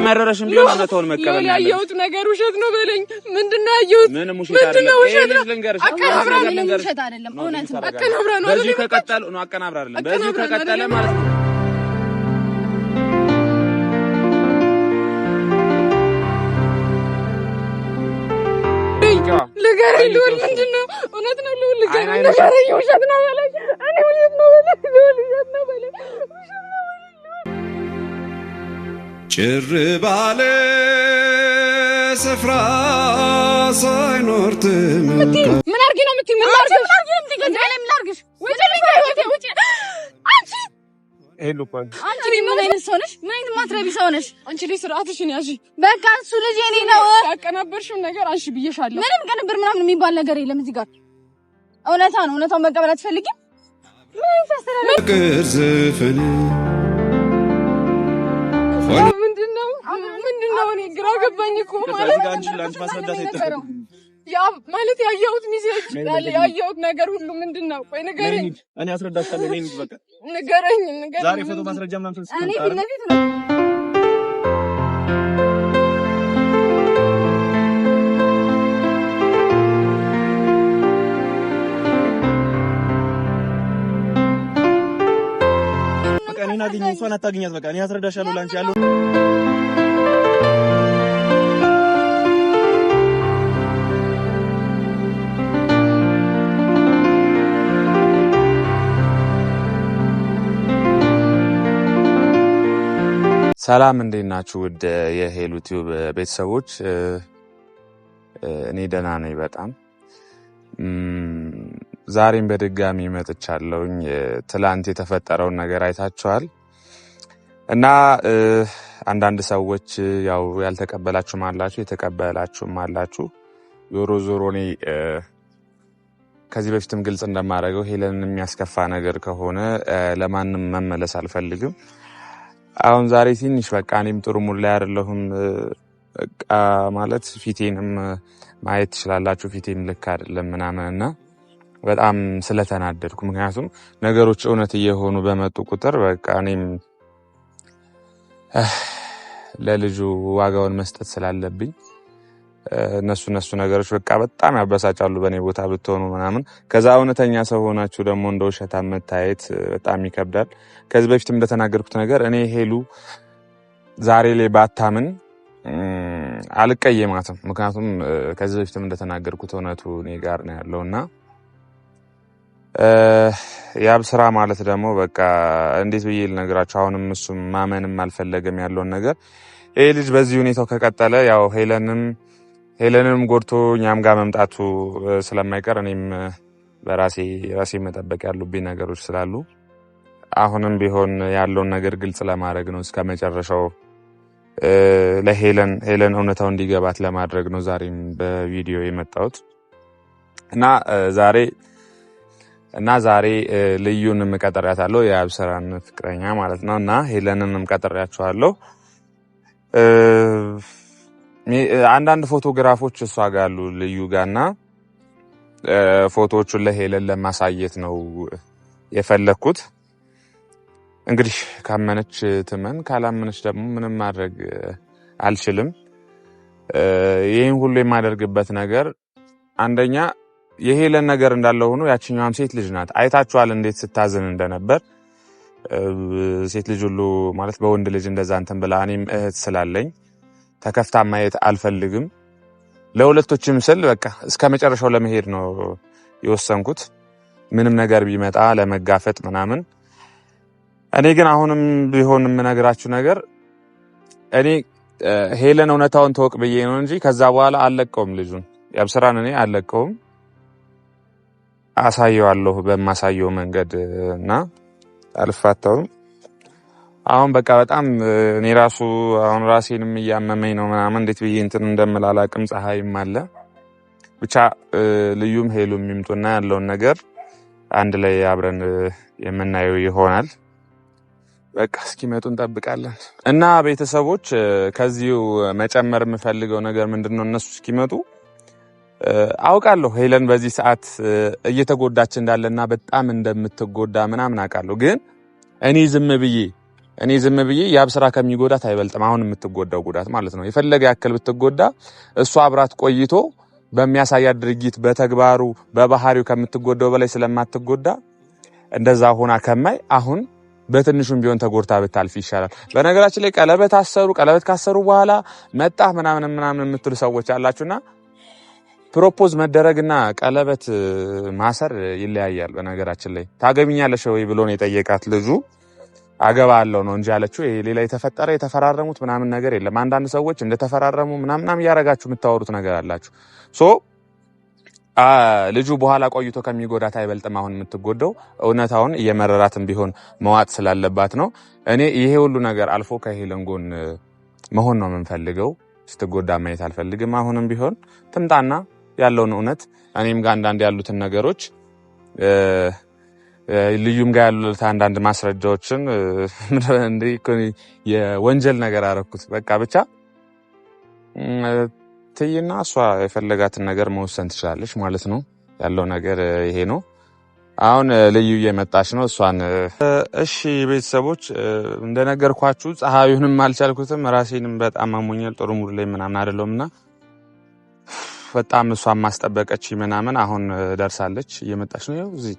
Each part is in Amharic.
የመረረሽም ቢሆን እውነታውን መቀበል ነው። ያየሁት ነገር ውሸት ነው በለኝ። ምንድን ነው ያየሁት? ምንም ውሸት አይደለም። ውሸት ነው አቀናብራ ምንም ውሸት አይደለም። ነው። አቀናብራ ነው። ከቀጠለ ነው አቀናብራ አይደለም። በዚህ ከቀጠለ ማለት ነው ልገረኝ ልውል ምንድን ነው? እውነት ነው ልውል ልገረኝ። ውሸት ነው በለኝ። እኔ ውሸት ነው በለኝ። ውሸት ነው በለኝ ጭር ባለ ስፍራ ሳይኖር ምን አይነት በቃ እሱ ልጅ የኔ ነው። ያቀናበርሽው ነገር አንቺ ብዬሻለሁ። ምንም ቅንብር ምናምን የሚባል ነገር የለም እዚህ ጋር። እውነታ ነው። እውነታውን መቀበል አትፈልጊም? ምን ምንድን ነው ምንድን ነው? እኔ ግራ ገባኝ እኮ ማለት ያ ማለት ያየሁት ሚሴጅ ያየሁት ነገር ሁሉ ምንድን ነው? ቆይ ንገረኝ። እኔ አስረዳሻለሁ። እኔ ንገረኝ፣ ንገረኝ። ዛሬ ፎቶ ማስረጃ ምናምን እኔ ፊት ለፊት ነው እኔን እሷን አታገኛት። በቃ እኔ አስረዳሻለሁ ላንቺ ያለው ሰላም እንዴት ናችሁ? ውድ የሄሉ ቲዩብ ቤተሰቦች፣ እኔ ደህና ነኝ በጣም። ዛሬም በድጋሚ መጥቻለሁኝ። ትላንት የተፈጠረውን ነገር አይታችኋል እና አንዳንድ ሰዎች ያው ያልተቀበላችሁም አላችሁ፣ የተቀበላችሁም አላችሁ። ዞሮ ዞሮ እኔ ከዚህ በፊትም ግልጽ እንደማደርገው ሄለንን የሚያስከፋ ነገር ከሆነ ለማንም መመለስ አልፈልግም። አሁን ዛሬ ትንሽ በቃ እኔም ጥሩ ሙድ ላይ አይደለሁም። ማለት ፊቴንም ማየት ትችላላችሁ። ፊቴም ልክ አይደለም ምናምን እና በጣም ስለተናደድኩ፣ ምክንያቱም ነገሮች እውነት እየሆኑ በመጡ ቁጥር በቃ እኔም ለልጁ ዋጋውን መስጠት ስላለብኝ እነሱ እነሱ ነገሮች በቃ በጣም ያበሳጫሉ። በእኔ ቦታ ብትሆኑ ምናምን። ከዛ እውነተኛ ሰው ሆናችሁ ደግሞ እንደ ውሸታ መታየት በጣም ይከብዳል። ከዚህ በፊት እንደተናገርኩት ነገር እኔ ሄሉ ዛሬ ላይ ባታምን አልቀየማትም። ምክንያቱም ከዚህ በፊትም እንደተናገርኩት እውነቱ እኔ ጋር ነው ያለው እና ያብ ስራ ማለት ደግሞ በቃ እንዴት ብዬ ልነግራችሁ፣ አሁንም እሱም ማመንም አልፈለገም ያለውን ነገር ይሄ ልጅ በዚህ ሁኔታው ከቀጠለ ያው ሄለንም ሄለንንም ጎድቶ እኛም ጋር መምጣቱ ስለማይቀር እኔም በራሴ ራሴ መጠበቅ ያሉብኝ ነገሮች ስላሉ አሁንም ቢሆን ያለውን ነገር ግልጽ ለማድረግ ነው እስከ መጨረሻው ለሄለን ሄለን እውነታው እንዲገባት ለማድረግ ነው ዛሬም በቪዲዮ የመጣሁት እና ዛሬ እና ዛሬ ልዩንም ቀጠሪያታለሁ የአብሰራን ፍቅረኛ ማለት ነው እና ሄለንን ቀጠሪያችኋለሁ አንዳንድ ፎቶግራፎች እሷ ጋር ያሉ ልዩ ጋር ፎቶዎቹን ለሄለን ለማሳየት ነው የፈለግኩት። እንግዲህ ካመነች ትመን፣ ካላመነች ደግሞ ምንም ማድረግ አልችልም። ይህን ሁሉ የማደርግበት ነገር አንደኛ የሄለን ነገር እንዳለ ሆኖ ያችኛዋም ሴት ልጅ ናት። አይታችኋል እንዴት ስታዝን እንደነበር ሴት ልጅ ሁሉ ማለት በወንድ ልጅ እንደዛ እንትን ብላ እኔም እህት ስላለኝ ተከፍታ ማየት አልፈልግም። ለሁለቶችም ስል በቃ እስከ መጨረሻው ለመሄድ ነው የወሰንኩት። ምንም ነገር ቢመጣ ለመጋፈጥ ምናምን። እኔ ግን አሁንም ቢሆን የምነግራችሁ ነገር እኔ ሄለን እውነታውን ተወቅ ብዬ ነው እንጂ ከዛ በኋላ አልለቀውም ልጁን ያብስራን እኔ አልለቀውም። አሳየዋለሁ በማሳየው መንገድ እና አልፋታውም። አሁን በቃ በጣም እኔ ራሱ አሁን ራሴንም እያመመኝ ነው ምናምን እንዴት ብዬ እንትን እንደምላላቅም ፀሐይም አለ ብቻ ልዩም ሄሉ የሚምጡና ያለውን ነገር አንድ ላይ አብረን የምናየው ይሆናል። በቃ እስኪመጡ እንጠብቃለን። እና ቤተሰቦች ከዚሁ መጨመር የምፈልገው ነገር ምንድን ነው፣ እነሱ እስኪመጡ አውቃለሁ ሄለን በዚህ ሰዓት እየተጎዳች እንዳለና በጣም እንደምትጎዳ ምናምን አውቃለሁ። ግን እኔ ዝም ብዬ እኔ ዝም ብዬ የአብ ስራ ከሚጎዳት አይበልጥም። አሁን የምትጎዳው ጉዳት ማለት ነው። የፈለገ ያክል ብትጎዳ እሱ አብራት ቆይቶ በሚያሳያት ድርጊት፣ በተግባሩ፣ በባህሪው ከምትጎዳው በላይ ስለማትጎዳ እንደዛ ሆና ከማይ አሁን በትንሹም ቢሆን ተጎድታ ብታልፍ ይሻላል። በነገራችን ላይ ቀለበት አሰሩ፣ ቀለበት ካሰሩ በኋላ መጣ ምናምን ምናምን የምትሉ ሰዎች አላችሁና ፕሮፖዝ መደረግና ቀለበት ማሰር ይለያያል። በነገራችን ላይ ታገቢኛለሽ ወይ ብሎ ነው የጠየቃት ልጁ። አለው ነው እንጂ ያለችው። ሌላ የተፈጠረ የተፈራረሙት ምናምን ነገር የለም። አንዳንድ ሰዎች እንደተፈራረሙ ምናምናም እያረጋችሁ የምታወሩት ነገር አላችሁ። ሶ ልጁ በኋላ ቆይቶ ከሚጎዳት አይበልጥም። አሁን የምትጎዳው እውነታውን እየመረራትን ቢሆን መዋጥ ስላለባት ነው። እኔ ይሄ ሁሉ ነገር አልፎ ከሄለን ጎን መሆን ነው የምንፈልገው። ስትጎዳ ማየት አልፈልግም። አሁንም ቢሆን ትምጣና ያለውን እውነት እኔም ጋር አንዳንድ ያሉትን ነገሮች ልዩም ጋር ያሉት አንዳንድ ማስረጃዎችን የወንጀል ነገር አረኩት። በቃ ብቻ ትይና እሷ የፈለጋትን ነገር መወሰን ትችላለች ማለት ነው። ያለው ነገር ይሄ ነው። አሁን ልዩ እየመጣች ነው እሷን። እሺ ቤተሰቦች እንደነገርኳችሁ ፀሐዩንም አልቻልኩትም፣ ራሴንም በጣም አሞኛል። ጥሩ ሙሉ ላይ ምናምን አይደለሁም እና በጣም እሷን ማስጠበቀች ምናምን። አሁን ደርሳለች፣ እየመጣች ነው እዚህ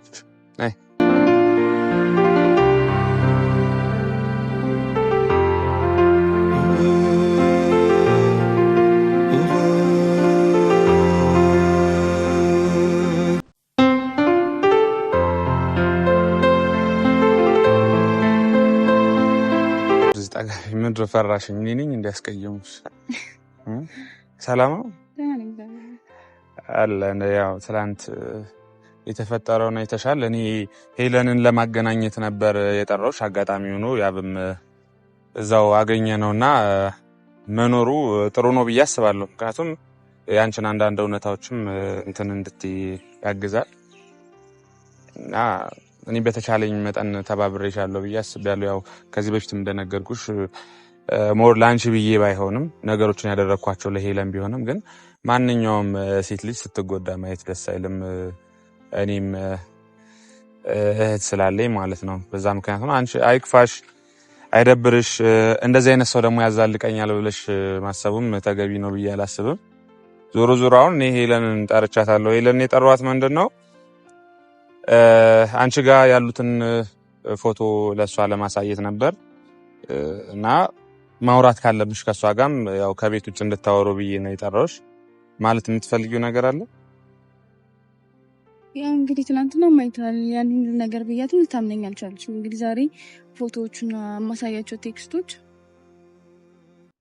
ምንድነው ፈራሽ እኔ ነኝ እንዲያስቀየሙሽ? ሰላም ነው አለ። ያው ትላንት የተፈጠረውን አይተሻል። እኔ ሄለንን ለማገናኘት ነበር የጠራሁሽ። አጋጣሚ ሆኖ ያብም እዛው አገኘ ነው እና መኖሩ ጥሩ ነው ብዬ አስባለሁ። ምክንያቱም ያንችን አንዳንድ እውነታዎችም እንትን እንድትይ ያግዛል እና እኔ በተቻለኝ መጠን ተባብሬሻለሁ ብዬ አስቤያለሁ። ያው ከዚህ በፊትም እንደነገርኩሽ ሞር ለአንቺ ብዬ ባይሆንም ነገሮችን ያደረግኳቸው ለሄለን ቢሆንም ግን ማንኛውም ሴት ልጅ ስትጎዳ ማየት ደስ አይልም። እኔም እህት ስላለኝ ማለት ነው። በዛ ምክንያት ነው። አንቺ አይክፋሽ፣ አይደብርሽ። እንደዚህ አይነት ሰው ደግሞ ያዛልቀኛል ብለሽ ማሰቡም ተገቢ ነው ብዬ አላስብም። ዞሮ ዞሮ አሁን እኔ ሄለንን ጠርቻታለሁ። ሄለን የጠሯት ምንድን ነው አንቺ ጋር ያሉትን ፎቶ ለእሷ ለማሳየት ነበር እና ማውራት ካለብሽ ከእሷ ጋም ያው ከቤት ውጭ እንድታወሩ ብዬ ነው የጠራሁሽ። ማለት የምትፈልጊው ነገር አለ? ያው እንግዲህ ትናንትና ማይታል ያን ነገር ብያት ልታምነኝ አልቻለችም። እንግዲህ ዛሬ ፎቶዎቹና የማሳያቸው ቴክስቶች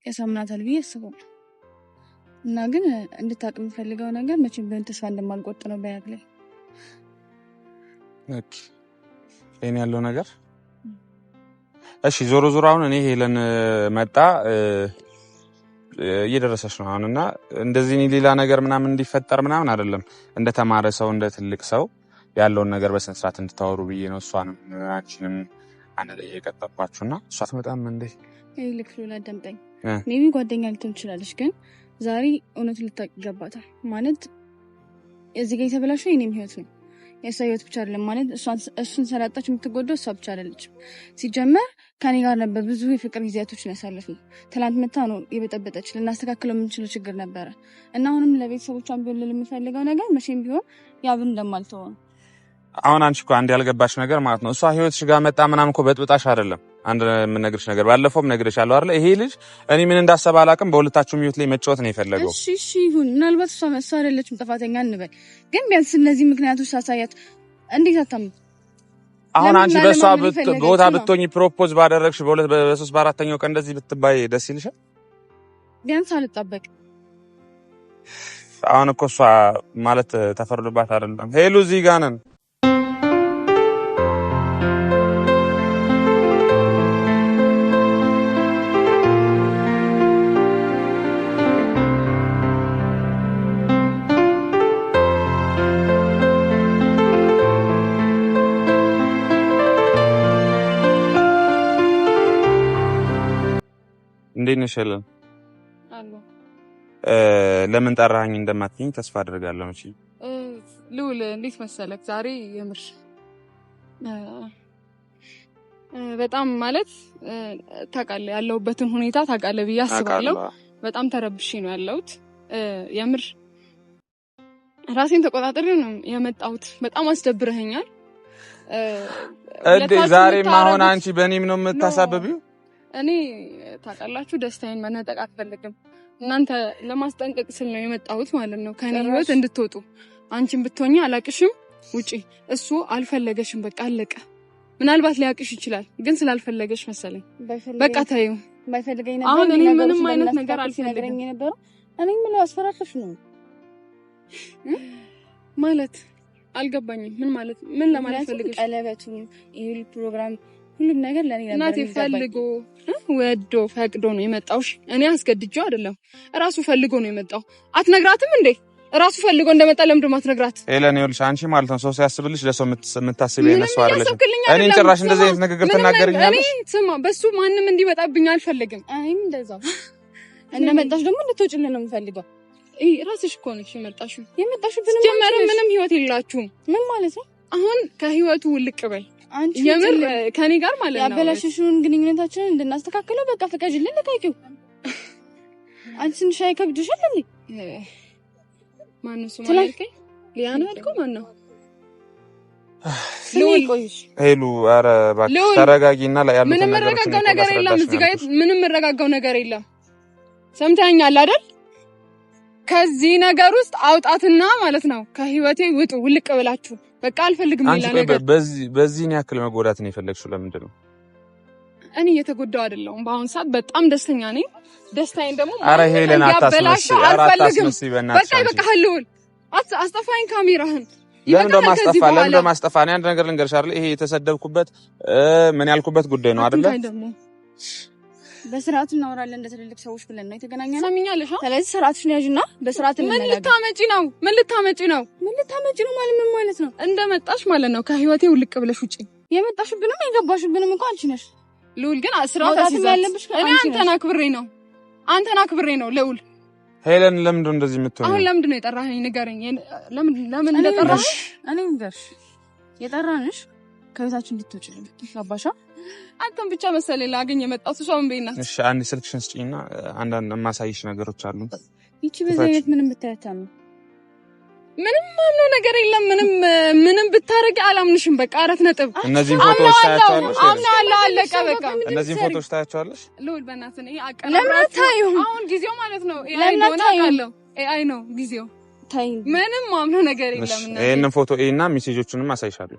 ያሳምናታል ብዬ አስባለሁ። እና ግን እንድታውቅ የምፈልገው ነገር መቼም ቢሆን ተስፋ እንደማልቆርጥ ነው በያት ላይ ይህን ያለው ነገር እሺ ዞሮ ዞሮ አሁን እኔ ሄለን መጣ እየደረሰች ነው አሁን እና እንደዚህ ሌላ ነገር ምናምን እንዲፈጠር ምናምን አይደለም። እንደ ተማረ ሰው እንደ ትልቅ ሰው ያለውን ነገር በስነ እንድታወሩ ብዬ ነው። እሷንም አንቺንም አንድ ላይ የቀጠርኳችሁ እና እሷ አትመጣም እንዴ? ልክ ሎላ ደምጠኝ ሜቢ ጓደኛ ልትሆን ትችላለች፣ ግን ዛሬ እውነቱን ልታውቅ ይገባታል። ማለት እዚህ ጋ የተበላሸው የኔም ህይወት ነው የእሷ ህይወት ብቻ አይደለም ማለት እሱን ሰላጣች የምትጎደው እሷ ብቻ አይደለችም። ሲጀመር ከኔ ጋር ነበር ብዙ የፍቅር ጊዜያቶች ጊዜያቶችን ያሳለፍን። ትላንት መታ ነው የበጠበጠች። ልናስተካክለው የምንችለው ችግር ነበረ እና አሁንም ለቤተሰቦቿን ቢሆን ልል የምፈልገው ነገር መቼም ቢሆን ያብን እንደማልተው ነው። አሁን አንቺ እኮ አንድ ያልገባሽ ነገር ማለት ነው እሷ ህይወትሽ ጋር መጣ ምናምን እኮ በጥብጣሽ አይደለም አንድ የምነግርሽ ነገር ባለፈውም ነግሬሻለሁ አይደለ? ይሄ ልጅ እኔ ምን እንዳሰበ አላውቅም። በሁለታችሁ ሚዩት ላይ መጫወት ነው የፈለገው። እሺ እሺ ይሁን። ምናልባት እሷ መሷ አይደለችም ጥፋተኛ እንበል፣ ግን ቢያንስ እነዚህ ምክንያቶች ሳሳያት እንዴት አታም አሁን አንቺ በእሷ ቦታ ብትሆኝ ፕሮፖዝ ባደረግሽ በሁለት በሶስት በአራተኛው ቀን እንደዚህ ብትባይ ደስ ይልሻል? ቢያንስ አልጠበቅ አሁን እኮ እሷ ማለት ተፈርዶባት አይደለም ሄሉ እዚህ ጋር ነን እንዴት ነሽ ሄለን? ለምን ጠራኸኝ እንደማትኝ ተስፋ አድርጋለሁ። እሺ ልውል እንዴት መሰለክ፣ ዛሬ የምር በጣም ማለት ታውቃለህ፣ ያለሁበትን ሁኔታ ታውቃለህ ብዬ አስባለሁ። በጣም ተረብሼ ነው ያለሁት። የምር ራሴን ተቆጣጠሪ ነው የመጣሁት። በጣም አስደብረኸኛል። ዛሬ ማሆን አንቺ በእኔም ነው የምታሳበቢው እኔ ታውቃላችሁ ደስታዬን መነጠቅ አትፈልግም። እናንተ ለማስጠንቀቅ ስል ነው የመጣሁት ማለት ነው፣ ከኔ ህይወት እንድትወጡ። አንቺን ብትሆኝ አላቅሽም፣ ውጪ። እሱ አልፈለገሽም፣ በቃ አለቀ። ምናልባት ሊያቅሽ ይችላል፣ ግን ስላልፈለገሽ መሰለኝ በቃ ታዩ። አሁን እኔ ምንም አይነት ነገር አልፈለግም። እኔ የምለው አስፈራራሽ ነው ማለት አልገባኝም። ምን ማለት ምን ለማለት ፈልገሽ ቀለበቱ ይሄ ፕሮግራም ሁሉም ነገር ለኔ ነበር። እናቴ ፈልጎ ወዶ ፈቅዶ ነው የመጣውሽ። እኔ አስገድጄው አይደለም፣ እራሱ ፈልጎ ነው የመጣው። አትነግራትም እንዴ? እራሱ ፈልጎ እንደመጣ ለምንድን ነው የማትነግራት? ኤለን ይኸውልሽ፣ አንቺ ማለት ነው ሰው ሲያስብልሽ ለሰው የምታስብ የነሱ አይደለሽ። እኔ ጭራሽ እንደዚህ አይነት ንግግር ትናገርኛለሽ? ስማ፣ በሱ ማንም እንዲመጣብኝ አልፈልግም። አይ እንደዛው እንደመጣሽ ደግሞ እንድትወጪልን ነው የምፈልገው። ራስሽ እኮ ነሽ የመጣሽው። የመጣሽው ምንም ህይወት የላችሁም። ምን ማለት ነው? አሁን ከህይወቱ ውልቅ በይ አንቺ የምር ከኔ ጋር ማለት ነው ያበላሸሽውን ግንኙነታችንን እንድናስተካክለው በቃ ፍቀጅልን። ልታቂው አንቺ ትንሽ አይከብድሽም እንዴ? ማነው እሱ ማለት ሊያ ነው ያልከው? ማን ነው ሄሉ? ኧረ እባክሽ ተረጋጊና ላይ ያሉት ምንም የምረጋጋው ነገር የለም እዚህ ጋር ምንም የምረጋጋው ነገር የለም። ሰምተኸኛል አይደል? ከዚህ ነገር ውስጥ አውጣትና ማለት ነው። ከህይወቴ ውጡ ውልቅ ብላችሁ በቃ አልፈልግም። በዚህን ያክል መጎዳት ነው የፈለግሽው? ለምንድን ነው? እኔ እየተጎዳው አይደለሁም። በአሁኑ ሰዓት በጣም ደስተኛ ነኝ። ደስታዬን ደግሞ ያበላሸው አልፈልግም። በቃ በቃ ይበቃሃል። አስጠፋኝ ካሜራህን ለምን በማስጠፋ ለምን በማስጠፋ እኔ አንድ ነገር ልንገርሽ አይደል? ይሄ የተሰደብኩበት ምን ያልኩበት ጉዳይ ነው አይደለ? በስርዓት እናወራለን እንደ ትልልቅ ሰዎች ብለን ነው የተገናኘነው። ሰሚኛለሽ? ስለዚህ ስርዓትሽን ያዥና በስርዓት ምን ልታመጪ ነው? ምን ልታመጪ ነው? ምን ልታመጪ ነው ማለት ምን ማለት ነው? እንደመጣሽ ማለት ነው። ከህይወቴ ውልቅ ብለሽ ውጪ። የመጣሽብንም የገባሽብንም እንኳን አንቺ ነሽ። ልውል ግን ስርዓት አስይዛለሽ። እኔ አንተን አክብሬ ነው አንተን አክብሬ ነው ልውል ሄለን ለምንድን እንደዚህ የምትሆነው? አሁን ለምንድን ነው የጠራኸኝ? ንገረኝ። ለምን ለምን እንደጠራኸኝ እኔ ንገርሽ። የጠራንሽ ከቤታችን እንድትወጪ ነው። ገባሻ? አንተም ብቻ መሰለኝ ላገኝ የመጣሁት። እሷም ቤት ናት። እሺ አንድ ስልክሽን ስጪኝና አንዳንድ የማሳይሽ ነገሮች አሉ። ይቺ በዚህ አይነት ምንም ብታያታም ምንም ማምነው ነገር የለም። ምንም ምንም ብታረጊ አላምንሽም። በቃ አራት ነጥብ። እነዚህን ፎቶዎች ታያቸዋለሽ? አለ አለቀ። በቃ እነዚህን ፎቶዎች ታያቸዋለሽ? ልውል በእናትህ ነው። ይሄ አቀራረብ ለምን አታዩም? አሁን ጊዜው ማለት ነው። ኤአይ ነው አውቃለሁ። ኤአይ ነው ጊዜው። ታይ ምንም ማምነው ነገር የለም። ይሄንን ፎቶ እና ሜሴጆቹንም አሳይሻለሁ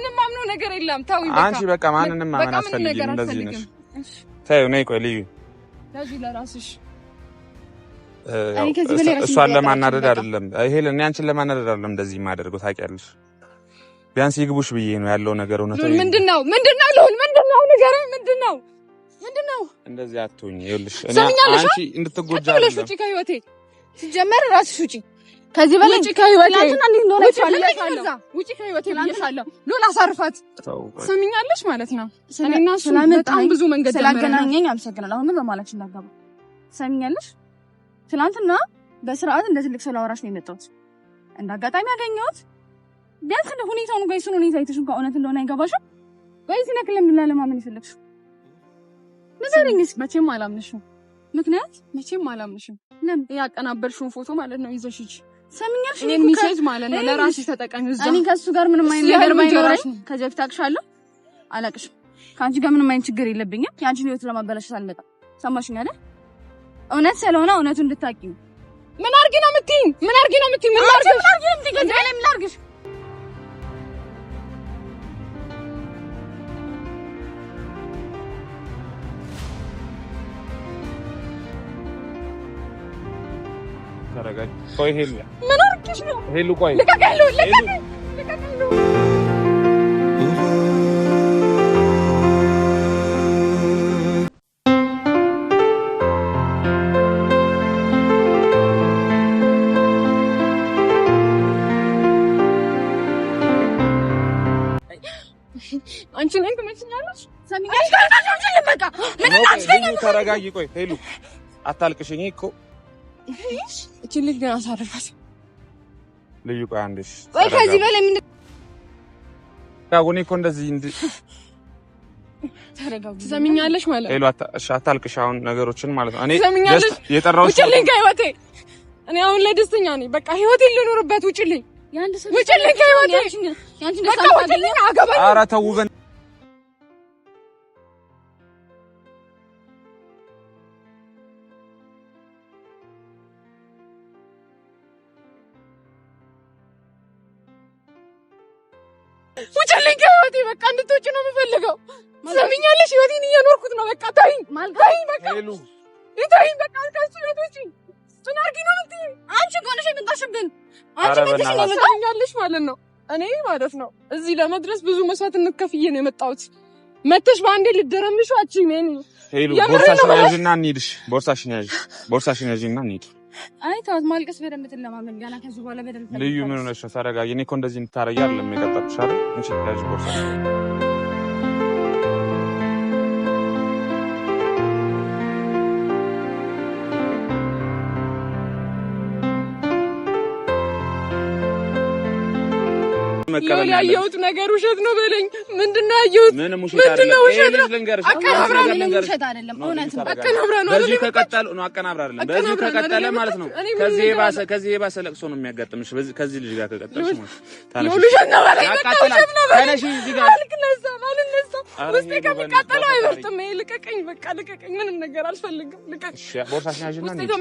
የምትሆነው ነገር የለም። ተው አንቺ በቃ ማንንም ማመን አስፈልግም። እንደዚህ ነሽ። ተይው ነይ። ቆይ ልዩ ለራስሽ እሷን ለማናደድ አይደለም ይሄ ለእኔ አንቺን ለማናደድ አይደለም እንደዚህ የማደርገው ታውቂያለሽ። ቢያንስ ይግቡሽ ብዬ ነው ያለው ነገር እውነት ነው። ምንድን ነው ምንድን ነው ልሁን ምንድን ነው ነገር ምንድን ነው ምንድን ነው እንደዚህ አትሁኝ። ይኸውልሽ እኔ አንቺ እንድትጎጃ ከህይወቴ ሲጀመር ራስሽ ውጪ ከዚህ በላይ ውጪ ከህይወቴ ውጪ ከህይወቴ ብዬሻለሁ። ሎላ አሳርፋት ሰሚኛለሽ ማለት ነው። እኔና እሱ በጣም ብዙ መንገድ ስላገናኘኝ አመሰግናለሁ። አሁንም በማላች እንዳጋባ ሰሚኛለሽ። ትናንትና በስርዓት እንደ ትልቅ ሰው ላወራሽ ነው የመጣሁት። እንዳጋጣሚ ያገኘሁት ቢያንስ እንደ ሁኔታውን ቆይ እሱን ሁኔታ አይተሽ እንኳን እውነት እንደሆነ አይገባሽም ወይ ሲነክ ለምንላ ለማመን ይፈልግሽ? ንገሪኝስ። መቼም አላምንሽም። ምክንያት መቼም አላምንሽም። ለምን ያቀናበርሽውን ፎቶ ማለት ነው ይዘሽ ሰምኛሽ እኔን ሚሴጅ ማለት ነው ለራስሽ ተጠቃሚ። እኔ ከሱ ጋር ምንም አይነት ነገር ባይኖርሽ ከዚህ በፊት አቅሻለሁ አላቅሽም። ከአንቺ ጋር ምንም አይነት ችግር የለብኝም። የአንቺን ህይወት ለማበላሸት አልመጣም። ሰማሽኝ አይደል? እውነት ስለሆነ እውነቱን እንድታቂ። ምን አርጊ ነው የምትይኝ? ምን አርጊ ነው የምትይኝ? ምን አርጊ ነው የምትይኝ? ምን አርጊ ነው የምትይኝ? ታደርጋለች። ቆይ ሄሉ፣ ምን አድርጌሽ ነው ሄሉ? ቆይ ልቀቀኝ፣ ልቀቀኝ፣ ልቀቀኝ አንቺ ተረጋጊ። ቆይ ሄሉ አታልቅሽኝ እኮ እችን ልጅ ግን አሳርፋት። ልዩ ቆይ አንዴ ቆይ፣ ከዚህ በላይ ምንድን ያው እኮ እንደዚህ ትሰሚኛለሽ ማለት ነው። እሺ አታልቅሽ፣ አሁን ነገሮችን ማለት ነው። እኔ የጠራሁት ውጭልኝ ከህይወቴ። እኔ አሁን ላይ ደስተኛ ነኝ። በቃ ህይወቴን ልኖርበት። ውጭልኝ፣ ውጭልኝ ከህይወቴ። በቃ ውጭልኝ። አገባኝ። ኧረ ተው በእናትሽ ማለት ነው። እኔ ማለት ነው እዚህ ለመድረስ ብዙ መስዋዕት እንከፍዬ ነው የመጣሁት። መተሽ በአንዴ ልደረምሽ አችኝ ነኝ ሄሉ ቦርሳሽን ያዥና እንሂድሽ። ቦርሳሽን ያዥ፣ ቦርሳሽን ያዥና እንሂድ። አይ ተዋት፣ ማልቀስ በደንብ ትለማመን ገና። ከዚህ በኋላ በደንብ ልዩ ምን ሆነሽ ተረጋጊ። እኔ እኮ እንደዚህ እንድታረጊ አይደለም የቀጠርኩሽ አይደል? እንቺ ያዥ ቦርሳሽን ልቀበል ያየሁት ነገር ውሸት ነው በለኝ። ምንድን ነው ያየሁት? ምንም ውሸት ውሸት ነው አቀናብራ ምንም ውሸት አይደለም። እውነት ነው አቀናብራ ነው። በዚህ ከቀጠለ ነው አቀናብራ አይደለም። በዚህ ማለት ነው ከዚህ የባሰ ከዚህ የባሰ ለቅሶ ነው የሚያጋጥምሽ። በዚህ ከዚህ ልጅ ጋር ከቀጠልሽ ውሸት ነው በለኝ። ውሸት ነው በለኝ። እዚህ ጋር ይሄ ልቀቀኝ፣ በቃ ልቀቀኝ። ምንም ነገር አልፈልግም። ምንም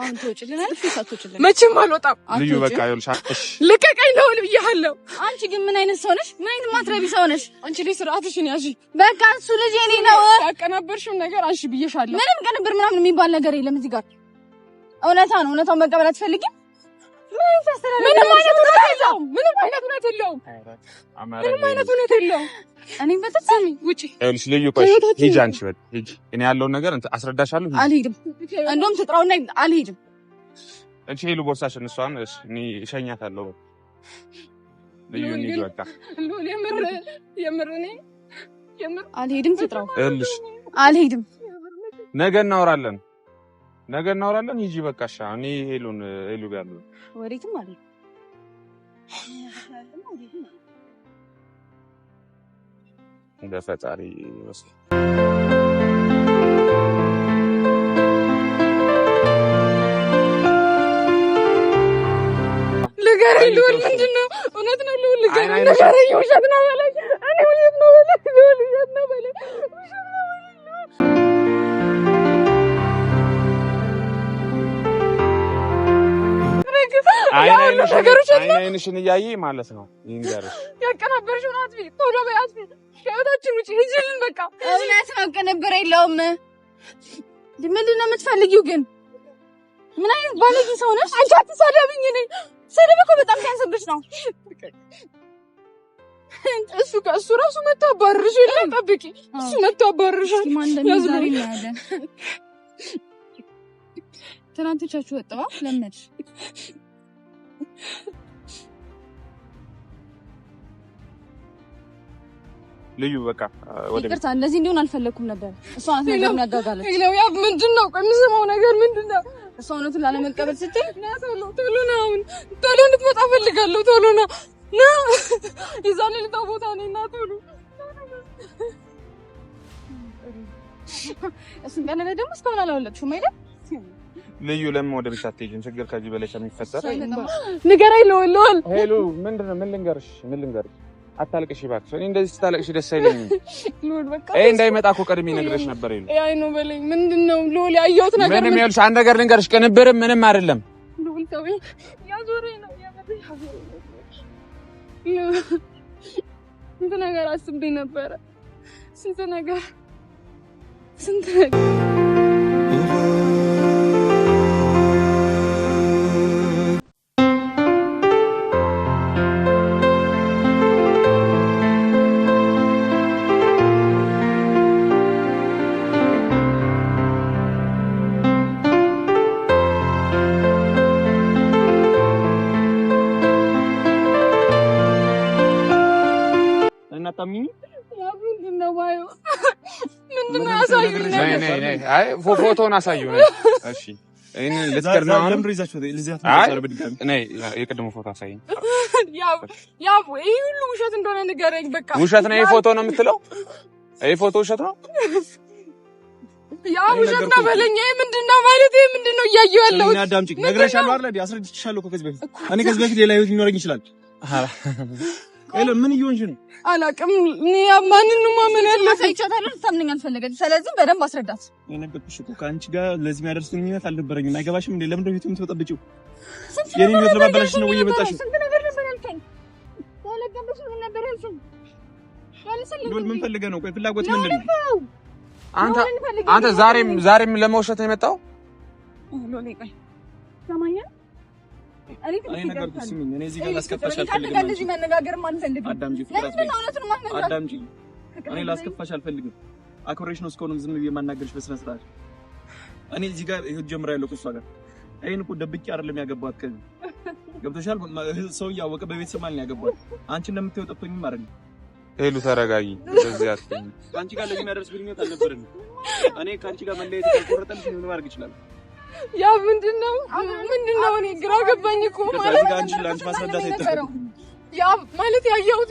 አሁን ትወጪልናለሽ ወይስ አትወጪልንም? መቼም አልወጣም። ልዩ በቃ ልቀቀኝ ልሁን ብዬሻለሁ። አንቺ ግን ምን አይነት ሰው ነሽ? ምን አይነት ማትረቢ ሰው ነሽ አንቺ? ልጅ ስርዓትሽን ያዢ በቃ። እሱ ልጅ የኔ ነው። ያቀናበርሽውን ነገር አንሺ ብዬሻለሁ። ምንም ቅንብር ምናምን የሚባል ነገር የለም እዚህ ጋር። እውነታ ነው። እውነታውን መቀበል አትፈልጊም? ምንም አይነት እውነት የለውም። ምንም አይነት እውነት የለውም። ምንም አይነት እውነት የለውም። እኔ ውጪ ልዩ ሂጂ፣ አንቺ በል ሂጂ። እኔ ያለውን ነገር አስረዳሻለሁ። አልሄድም፣ እንደውም ትጥራውና አልሄድም። ሄሉ ቦርሳሽን እሷን እሸኛታለሁ። ልዩ እንሂድ በቃ የምር የምር እኔ የምር አልሄድም። ትጥራው አልሄድም። ነገ እናወራለን። ነገ እናወራለን። ይጂ በቃ እሺ። እኔ ሄሉን ሄሉ ጋር ነው ወሬትም አለ እንደ ፈጣሪ ይመስል ነገር ልውል ምንድን ነው? እውነት ነው ልውል ውሸት ነው በለኝ። እኔ ውሸት ነው በለኝ። ልውል ውሸት ነው በለኝ። ውሸት ነው በለኝ። አይንሽን እያየ ማለት ነው። ይንገርሽ ያቀናበርሽው ናት። ቶሎ በያት፣ ከህይወታችን ውጭ ሂጂልን። በቃ እውነት ነው፣ ቅንብር የለውም። ምንድን ነው የምትፈልጊው ግን? ምን አይነት ባለጌ ሰው ነሽ አንቺ! አትሳደብኝ። እኔ ስድብ እኮ በጣም ሲያንስብሽ ነው። እሱ ከእሱ ራሱ መቶ አባርርሽ የለም። ጠብቂ፣ እሱ መቶ አባርርሻል። ትናንት ቻችሁ ወጣዋ ለምነሽ ልዩ በቃ ይቅርታ፣ እንደዚህ እንዲሆን አልፈለኩም ነበር። እሷ አት ነገር ያጋጋለች ያብ ምንድን ነው የምሰማው ነገር ምንድን ነው? እሷ እውነቱን ላለመቀበል ስትል ቶሎ ና፣ አሁን ቶሎ እንድትመጣ ፈልጋለሁ። ቶሎ ና ና፣ የዛን ልባ ቦታ ነኝ ና ቶሎ። እሱን ቀለበት ደግሞ እስካሁን አላወለቅሽውም አይደል? ልዩ ለምን ወደ ቤት አትሄጂም? ችግር ከዚህ በላይ ከሚፈጠር ንገረኝ። ልውል ልውል ሄሎ፣ ምንድን ነው? ምን ልንገርሽ? ምን ልንገርሽ? አታልቅሽ እባክሽ። እኔ እንደዚህ ስታለቅሽ ደስ አይለኝም። ይሄ እንዳይመጣ እኮ ቀድሜ ነግረሽ ነበር። ይሉ አይ ነው በለኝ። ምንድን ነው ልውል? ያየሁት ነገር ምንም። ይኸውልሽ አንድ ነገር ልንገርሽ፣ ቅንብርም ምንም አይደለም። ልውል ተወኝ። ያዞረኝ ነው ስንት ነገር አስቤ ነበረ። ስንት ነገር ስንት ነገር አይ ፎቶውን አሳዩ ነው። እሺ ይሄን ልትቀርና አሁን ለምን ይዛችሁ ለዚያ ተመሳሳይ በድጋሚ ነይ ፎቶ አሳይኝ። ያው ያው ይሄ ሁሉ ውሸት እንደሆነ ንገረኝ። በቃ ውሸት ነው ይሄ ፎቶ ነው የምትለው? ይሄ ፎቶ ውሸት ነው? ያው ውሸት ነው በለኝ። ይሄ ምንድን ነው ማለት ይሄ ምንድን ነው እያየሁ ያለሁት? እና አዳምጪኝ፣ ነግሬሻለሁ አይደል? አስረድቼሻለሁ እኮ ከዚህ በፊት እኔ ከዚህ በፊት ሌላ ህይወት ሊኖረኝ ይችላል። ኤለን ምን እየሆንሽ ነው? አላውቅም። ማንን ማንንም ማመን ያለብኝ? አይቻታለሁ። ልታምነኝ አልፈለገችም። ስለዚህ በደንብ አስረዳት። የነገርኩሽ እኮ ከአንቺ ጋር ለዚህ የሚያደርስ ግንኙነት አልነበረኝም። አይገባሽም እንዴ? ለምን ለምንድን ነው የምትበጠብጪው? የኔ ህይወት ለማበላሽ ነው ወይ የመጣሽው? ምን ፈልገህ ነው? ቆይ ፍላጎት ምንድን ነው? አንተ አንተ ዛሬም ዛሬም ለመውሸት ነው የመጣው? ሎሌ ቆይ ሰማኛል እኔ ላስከፋሽ አልፈልግም። አክብሬሽ ነው እስከሆነም ዝም ብዬ የማናገርሽ በስነ ስርዓት። እኔ እዚህ ጋር ይኸው ጀምራ ያለው እሷ ጋር ይሄን እኮ ደብቄ አይደለም ያገባት ከዚህ ገብቶሻል። ሰው እያወቀ በቤተሰብ ማለት ያገባት። አንቺ እንደምታየው ጠፍቶኝም ማለት ሄሉ ተረጋጊ። እንደዚህ አትኝ። ከአንቺ ጋር ለዚህ የሚያደርስ ግንኙነት አልነበረንም። እኔ ከአንቺ ጋር መለያየት ካልቆረጠልሽ ምን ማድረግ እችላለሁ? ያ ምንድን ነው ምንድን ነው? እኔ ግራ ገባኝ እኮ ማለት ነው። ያ ማለት ያየሁት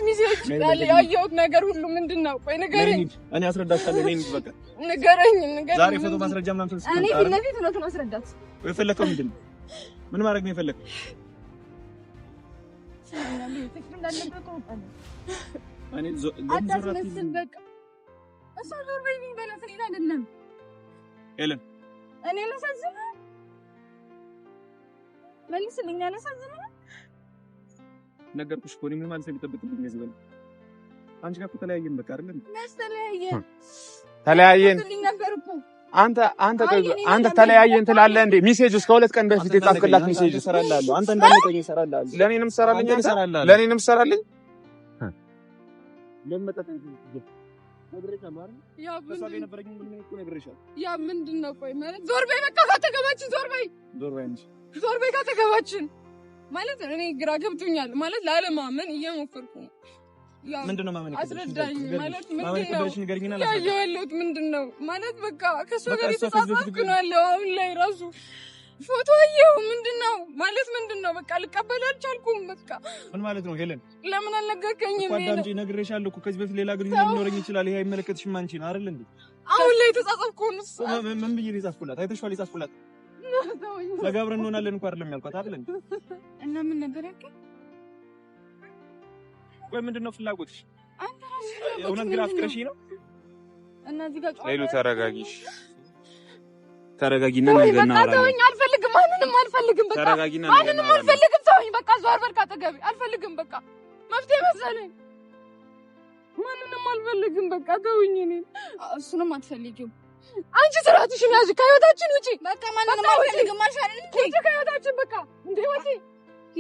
ያለ ያየሁት ነገር ሁሉ ምንድን ነው? ቆይ ንገረኝ። እኔ አስረዳታለሁ። እኔ በቃ ንገረኝ፣ ንገረኝ። ዛሬ ፎቶ ማስረጃ ምናምን ስለሰጠኝ እኔ ፊት ለፊት ነው ማስረዳት የፈለከው። ምንድን ነው? ምን ማድረግ ነው የፈለከው? አታስመስል ዞር በይ ሌላ አይደለም። ሄለን እኔ ነው ሳዝበ መልስልኝ። አላሳዝንም። ነገርኩሽ እኮ ምን ማለት ነው የሚጠብቅብኝ እዚህ አንቺ ጋር ተለያየን። በቃ አይደለም ተለያየን፣ ተለያየን አንተ አንተ አንተ ተለያየን ትላለህ እንዴ? ሚሴጅ እስከ ሁለት ቀን በፊት የጻፍክላት ሚሴጅ እሰራልሃለሁ። አንተ እንዳለቀኝ እሰራልሃለሁ። ለኔንም ሰራልኝ፣ ለኔንም ሰራልኝ። ያ ምንድን ነው? ቆይ ማለት ዞር በይ፣ በቃ ተገባችን። ዞር በይ፣ ዞር በይ እንጂ ዞር በይ ካጠገባችን። ማለት እኔ ግራ ገብቶኛል። ማለት ላለማመን እየሞከርኩ ነው። ማመን? ማለት ያየሁት? ምንድን ነው ማለት በቃ ከእሱ ጋር የተጻጻፍኩ ነው ያለው። አሁን ላይ ራሱ ፎቶ አየሁ። ምንድን ነው ማለት? ምንድን ነው በቃ ልቀበል አልቻልኩም። በቃ ምን ማለት ነው ሄለን? ለምን አልነገርከኝም? አዳምጪ፣ ነግሬሻለሁ እኮ ከዚህ በፊት ሌላ ግንኙነት ሊኖረኝ ይችላል። ይሄ አይመለከትሽም አንቺን አይደል እንዴ? አሁን ላይ የተጻጻፍኩ ነው። ምን ብዬሽ ነው የጻፍኩላት? አይተሽዋል የጻፍኩላት ነገ አብረን እንሆናለን እንኳን አይደለም ያልኳት አይደል እንዴ? እና ምን ነበር ያልከኝ? ወይ ምንድን ነው ፍላጎትሽ? አንተ ራስህ እውነት ግን አፍቅረሽኝ ነው? እና እዚህ ጋር ጫው ሌሉ ተረጋጊሽ። ተረጋጊና ነገ እናወራለን። ተወኝ፣ አልፈልግም። ማንንም አልፈልግም። በቃ ተረጋጊና ማንንም አልፈልግም። ተወኝ፣ በቃ ዞር በል ካጠገቤ። አልፈልግም። በቃ መፍትሄ መሰለኝ። ማንንም አልፈልግም። በቃ ተወኝ። እኔ እሱንም አትፈልጊውም አንቺ ስርዓትሽን ያዥ፣ ከህይወታችን ውጪ በቃ ማንንም አልፈልግም አልሽ አይደል? እንዴ ከህይወታችን በቃ እንዴ ወጪ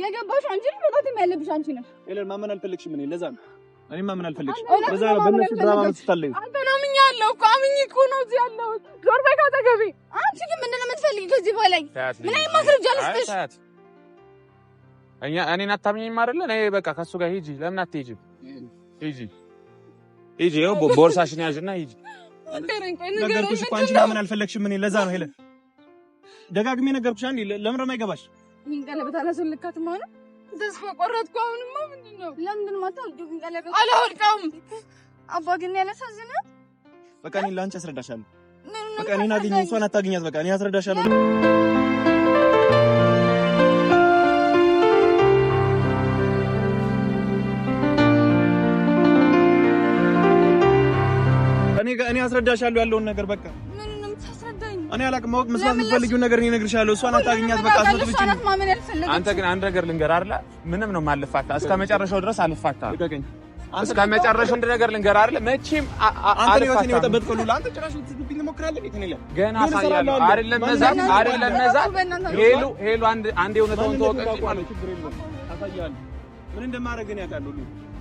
የገባሽ አንቺ ነሽ። ወጣት የሚያለብሽ አንቺ ነሽ። ሄለን ማመን አልፈልግሽም። እኔ ለዛ ነው እኔ ማመን አልፈልግሽም። በዛ ነው በእነሱ ድራማ ነው ስታለኝ። አንተን አምኛለሁ እኮ አምኝ እኮ ነው እዚህ ያለሁት። ዞር በይ ካጠገቤ። አንቺ ግን ምንድን ነው የምትፈልጊው ከዚህ በላይ? ምን አይነት ማስረጃ ልስጥሽ? እኛ እኔን አታምኚኝም አይደለ? እኔ በቃ ከሱ ጋር ሂጂ። ለምን አትሄጂም? ሂጂ ሂጂ፣ ይኸው ቦርሳሽን ያዥና ሂጂ ነገርኩሽ እኮ አንቺ ለምን አልፈለግሽም? እኔ ለዛ ነው ሄለን ደጋግሜ ነገርኩሽ። አንዴ ለምን ነው የማይገባሽ? ቀለበት አላስወልካትም። አሁንም ተስፋ ቆረጥኩ። አሁንማ ምንድን ነው ለምንድን ማታው ይሄን ቀለበት አላወልቀውም። አባ ግን ያላሳዝነ በቃ እኔ ለአንቺ አስረዳሻለሁ። በቃ እኔን አገኘኝ፣ እሷን አታገኛት። በቃ እኔ አስረዳሻለሁ። አስረዳሻለሁ ያለውን ነገር በቃ እኔ አላቅም። ማወቅ መስማት የምትፈልጊውን ነገር እኔ እነግርሻለሁ። እሷን አታገኛት። በቃ አንተ ግን አንድ ነገር ልንገር አይደለ? ምንም ነው የማልፋታ። እስከ መጨረሻው ድረስ አልፋታ። እስከ መጨረሻው አንድ ነገር ልንገር አይደለ? መቼም አንተ ነው ወጣበት ቆሉ ገና ሄሉ ሄሉ አንድ አንድ ማለት ምን